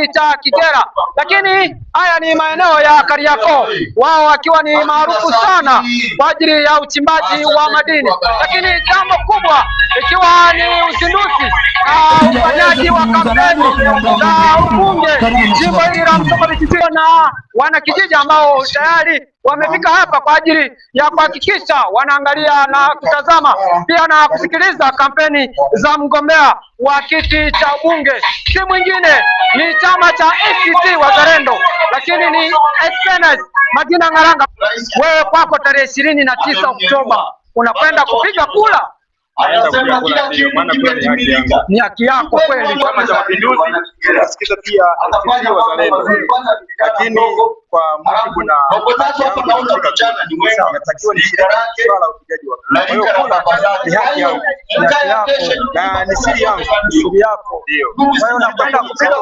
hiki cha Kigera, lakini haya ni maeneo ya Kariakoo, wao wakiwa ni maarufu sana kwa ajili ya uchimbaji wa madini, lakini jambo kubwa ikiwa ni uzinduzi na ufanyaji wa kampeni za ubunge jimbo hili la Musoma vijijini na wanakijiji ambao tayari wamefika hapa kwa ajili ya kuhakikisha wanaangalia na kutazama pia na kusikiliza kampeni za mgombea wa kiti cha ubunge, si mwingine ni chama cha ACT Wazalendo, lakini ni SNS Magina Ng'aranga. Wewe kwako tarehe ishirini na tisa Oktoba unakwenda kupiga kura ni haki yako kweli. Chama cha Mapinduzi nasikiza pia wazalendo, lakini kwa mujibu na natakiwa ni wa Kwa hiyo haki yaani, na ni siri yangu, siri yako. Kwa hiyo nataka kupiga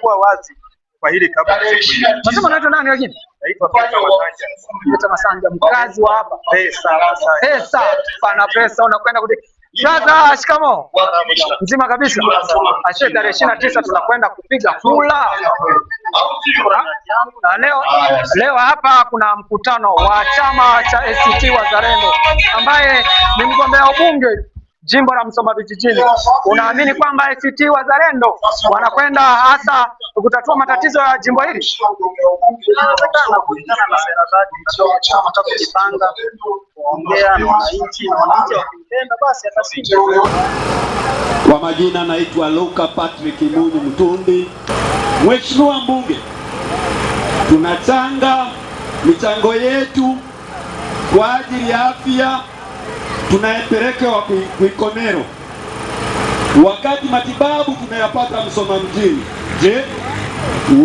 kuwa wazi kwa hili kabla nasema, naitwa nani lakini Masanja, mkazi wa hapa. Pesa pana pesa, unakwenda sasa shikamoo, mzima kabisa. Ashe, tarehe ishirini na tisa tunakwenda kupiga kula na leo, leo hapa kuna mkutano wa chama cha ACT Wazalendo ambaye ni mgombea ubunge jimbo la Msoma Vijijini. Unaamini kwamba ACT Wazalendo wanakwenda hasa kutatua matatizo ya jimbo hili? Inawezekana kulingana na sera zake, chama cha kujipanga, kuongea na wananchi na wananchi kwa majina naitwa Luka Patrick Munyi Mtundi. Mheshimiwa Mbunge, tunachanga michango yetu kwa ajili ya afya wa kuikonero wakati matibabu tunayapata Msoma mjini. Je,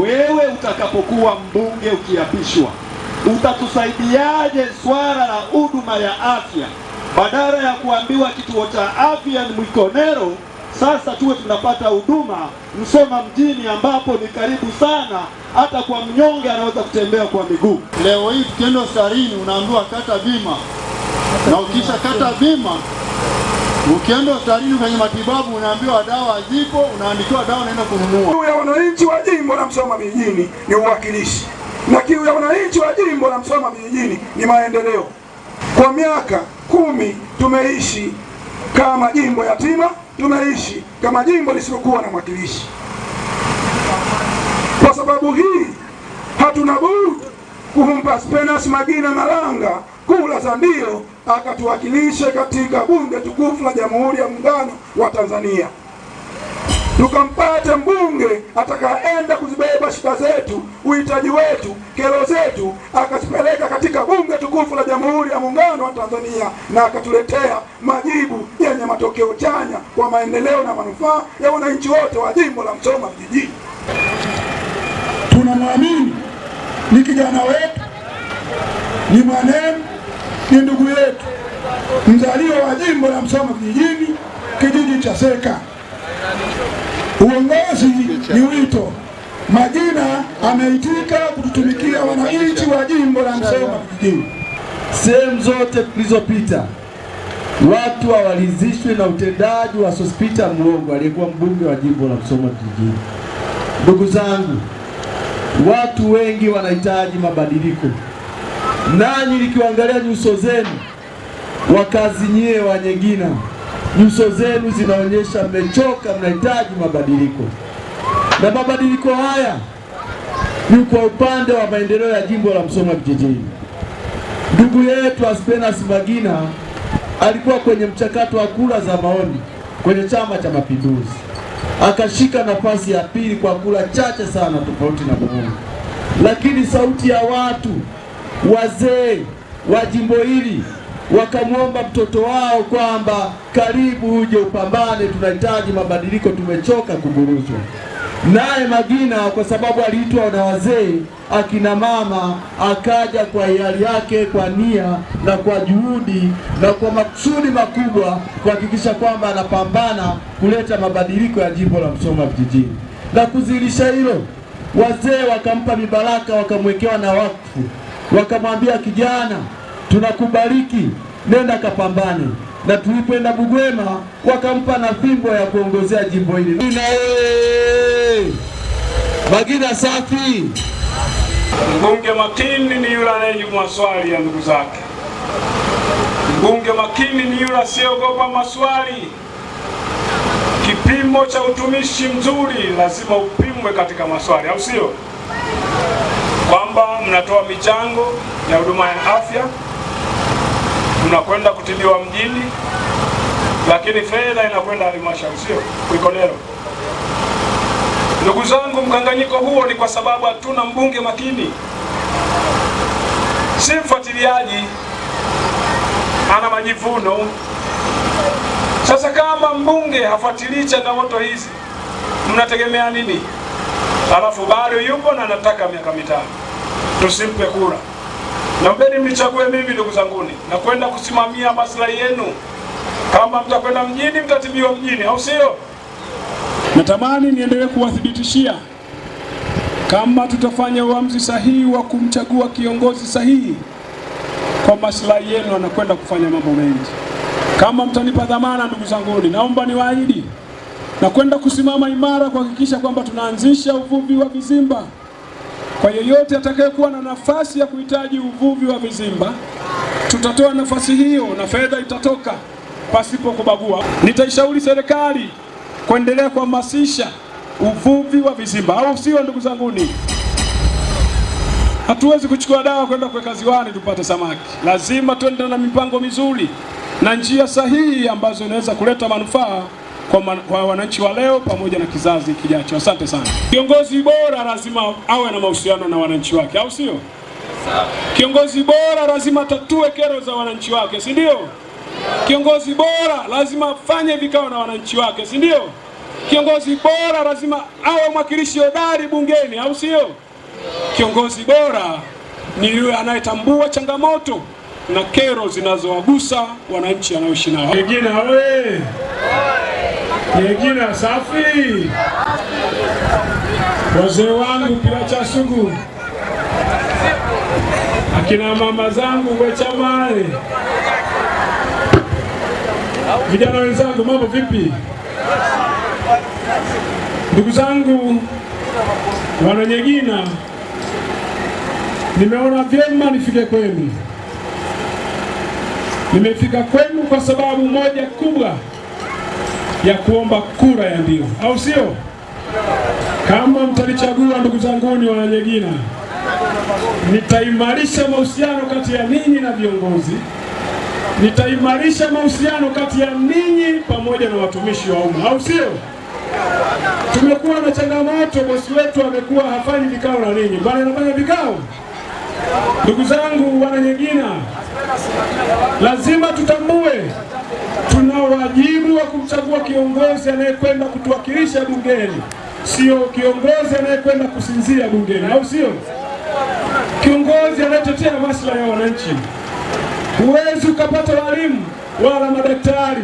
wewe utakapokuwa mbunge ukiapishwa, utatusaidiaje swala la huduma ya afya? Badala ya kuambiwa kituo cha afya ni Mwikonero, sasa tuwe tunapata huduma Msoma mjini, ambapo ni karibu sana, hata kwa mnyonge anaweza kutembea kwa miguu. Leo hii tukienda hospitalini unaambiwa kata bima, na ukisha kata bima ukienda hospitalini kwenye matibabu unaambiwa dawa zipo, unaandikiwa dawa, unaenda kununua. Kiu ya wananchi wa jimbo la Msoma mjini ni uwakilishi, na kiu ya wananchi wa jimbo la Msoma mijini ni maendeleo. Kwa miaka kumi tumeishi kama jimbo yatima, tumeishi kama jimbo lisilokuwa na mwakilishi. Kwa sababu hii, hatuna budi kumpa Spenas Magina Malanga kula za ndio akatuwakilishe katika bunge tukufu la Jamhuri ya Muungano wa Tanzania tukampate mbunge atakaenda kuzibeba shida zetu, uhitaji wetu, kero zetu, akazipeleka katika bunge tukufu la Jamhuri ya Muungano wa Tanzania na akatuletea majibu yenye matokeo chanya kwa maendeleo na manufaa ya wananchi wote wa jimbo la Msoma Vijijini. Tunamwamini ni kijana wetu, ni mwanenu, ni ndugu yetu, mzaliwa wa jimbo la Msoma Vijijini, kijiji cha Seka. Uongozi ni wito. Majina ameitika kututumikia wananchi wa jimbo la Msoma Vijijini. Sehemu zote tulizopita watu hawalizishwe na utendaji wa Sospeter Mlongo aliyekuwa mbunge wa jimbo la Msoma Vijijini. Ndugu zangu, watu wengi wanahitaji mabadiliko, nanyi nikiwaangalia nyuso zenu, wakazi nyie Wanyegina Nyuso zenu zinaonyesha mmechoka, mnahitaji mabadiliko, na mabadiliko haya ni kwa upande wa maendeleo ya jimbo la Msoma Vijijini. Ndugu yetu Aspenas Magina alikuwa kwenye mchakato wa kura za maoni kwenye Chama cha Mapinduzi, akashika nafasi ya pili kwa kura chache sana, tofauti na Buhungu, lakini sauti ya watu wazee wa jimbo hili wakamwomba mtoto wao kwamba karibu uje upambane, tunahitaji mabadiliko, tumechoka kuburuzwa. Naye Magina kwa sababu aliitwa na wazee akina mama, akaja kwa hiari yake, kwa nia na kwa juhudi na kwa makusudi makubwa kuhakikisha kwamba anapambana kuleta mabadiliko ya jimbo la Msoma vijijini na kuzilisha hilo, wazee wakampa mibaraka, wakamwekewa na wakfu, wakamwambia kijana tunakubariki, nenda kapambane. Na tulipoenda Bugwema wakampa na fimbo ya kuongozea jimbo hili. magina safi. Mbunge makini ni yule anayejibu maswali ya ndugu zake. Mbunge makini ni yule asiyeogopa maswali. Kipimo cha utumishi mzuri lazima upimwe katika maswali, au sio? Kwamba mnatoa michango ya huduma ya afya tunakwenda kutibiwa mjini, lakini fedha inakwenda halmashauri, sio Kikolelo. Ndugu zangu, mkanganyiko huo ni kwa sababu hatuna mbunge makini, si mfuatiliaji, ana majivuno. Sasa kama mbunge hafuatilii changamoto hizi, mnategemea nini? Alafu bado yupo na anataka miaka mitano, tusimpe kura. Naombeni mnichague mimi ndugu zanguni, na kwenda kusimamia maslahi yenu. Kama mtakwenda mjini, mtatibiwa mjini, au sio? Natamani niendelee kuwathibitishia kama tutafanya uamuzi sahihi wa kumchagua kiongozi sahihi kwa maslahi yenu, anakwenda kufanya mambo mengi. Kama mtanipa dhamana, ndugu zanguni, naomba niwaahidi na kwenda kusimama imara kuhakikisha kwamba tunaanzisha uvuvi wa vizimba. Kwa yeyote atakayekuwa na nafasi ya kuhitaji uvuvi wa vizimba, tutatoa nafasi hiyo na fedha itatoka pasipo kubagua. Nitaishauri serikali kuendelea kuhamasisha uvuvi wa vizimba, au sio ndugu zanguni? Hatuwezi kuchukua dawa kwenda kuweka ziwani tupate samaki. Lazima tuende na mipango mizuri na njia sahihi ambazo inaweza kuleta manufaa kwa, man, kwa wananchi wa leo pamoja na kizazi kijacho. Asante sana. Kiongozi bora lazima awe na mahusiano na wananchi wake, au sio? Kiongozi bora lazima tatue kero za wananchi wake, si ndio? Kiongozi bora lazima afanye vikao na wananchi wake, si ndio? Kiongozi bora lazima awe mwakilishi hodari bungeni, au sio? Kiongozi bora ni yule anayetambua changamoto na kero zinazowagusa wananchi anaoishi nao. Wengine Yegina safi. Wazee wangu kila cha sugu, akina mama zangu wechamae vijana wenzangu, mambo vipi? Ndugu zangu Wananyegina, nimeona vyema nifike kwenu. Nimefika kwenu kwa sababu moja kubwa ya kuomba kura ya ndio, au sio? Kama mtalichagua, ndugu zanguni Wananyegina, nitaimarisha mahusiano kati ya ninyi na viongozi, nitaimarisha mahusiano kati ya ninyi pamoja na watumishi wa umma, au sio? Tumekuwa na changamoto, bosi wetu amekuwa hafanyi vikao na ninyi, bali anafanya vikao Ndugu zangu wana Nyegina, lazima tutambue tuna wajibu wa kumchagua kiongozi anayekwenda kutuwakilisha bungeni, sio kiongozi anayekwenda kusinzia bungeni, au sio? Kiongozi anayetetea maslahi ya wananchi. Huwezi ukapata walimu wala madaktari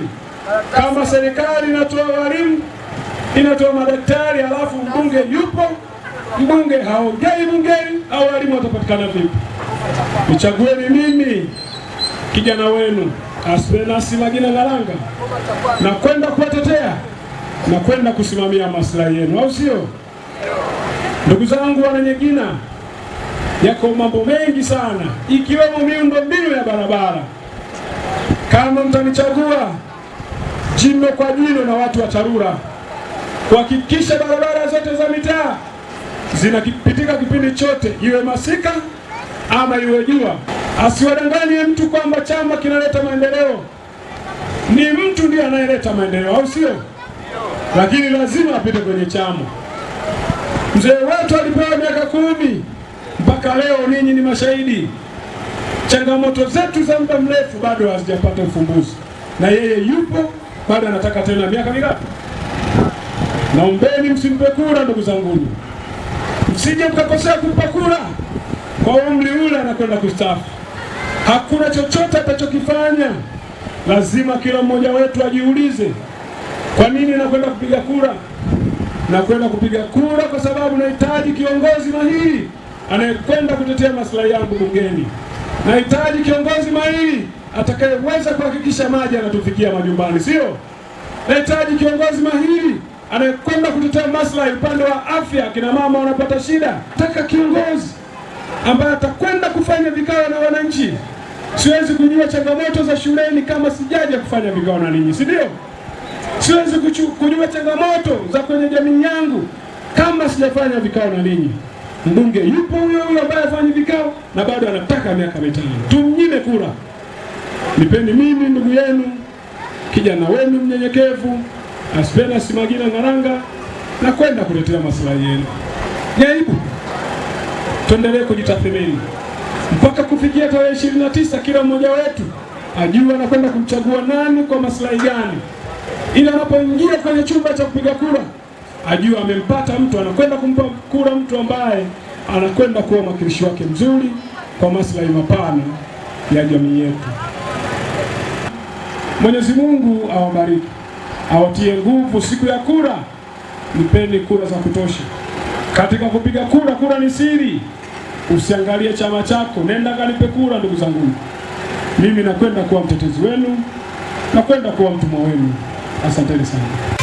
kama serikali inatoa walimu inatoa madaktari, halafu mbunge yupo mbunge haongei bungeni au walimu watapatikana vipi? Nichagueni mimi kijana wenu Aspenasi Magina Galanga na kwenda kuwatetea na kwenda kusimamia maslahi yenu, au sio? Ndugu zangu wana Nyegina, yako mambo mengi sana ikiwemo miundo mbinu ya barabara. Kama mtanichagua, jino kwa jino na watu wa TARURA kuhakikisha barabara zote za mitaa zinapitika kipindi chote, iwe masika ama iwe jua. Asiwadanganye mtu kwamba chama kinaleta maendeleo. Ni mtu ndiye anayeleta maendeleo, au sio? Lakini lazima apite kwenye chama. Mzee wetu alipewa miaka kumi, mpaka leo ninyi ni mashahidi. Changamoto zetu za muda mrefu bado hazijapata ufumbuzi, na yeye yupo bado, anataka tena miaka mingapi? Naombeni msimpe kura, ndugu zanguni msije mkakosea kumpa kura. Kwa umri ule anakwenda kustaafu, hakuna chochote atachokifanya. Lazima kila mmoja wetu ajiulize, kwa nini nakwenda kupiga kura? Nakwenda kupiga kura kwa sababu nahitaji kiongozi mahiri anayekwenda kutetea maslahi yangu bungeni. Nahitaji kiongozi mahiri atakayeweza kuhakikisha maji yanatufikia majumbani, sio? Nahitaji kiongozi mahiri anayekwenda kutetea maslahi upande wa afya, kina mama wanapata shida. Nataka kiongozi ambaye atakwenda kufanya vikao na wananchi. Siwezi kujua changamoto za shuleni kama sijaja kufanya vikao na ninyi, si ndio? Siwezi kujua changamoto za kwenye jamii yangu kama sijafanya vikao na ninyi. Mbunge yupo huyo huyo ambaye afanye vikao na bado anataka miaka mitano, tumnyime kura. Nipeni mimi ndugu yenu kijana wenu mnyenyekevu Aspena Simagina Ng'aranga na kwenda kuletea maslahi yenu. aibu. tuendelee kujitathmini mpaka kufikia tarehe ishirini na tisa, kila mmoja wetu ajue anakwenda kumchagua nani kwa maslahi gani, ili anapoingia kwenye chumba cha kupiga kura ajue amempata mtu, anakwenda kumpa kura mtu ambaye anakwenda kuwa mwakilishi wake mzuri kwa maslahi mapana ya jamii yetu. Mwenyezi Mungu awabariki awatie nguvu siku ya kura. Nipeni kura za kutosha katika kupiga kura. Kura ni siri, usiangalie chama chako, nenda kanipe kura. Ndugu zangu, mimi nakwenda kuwa mtetezi wenu, nakwenda kuwa mtumwa wenu. Asanteni sana.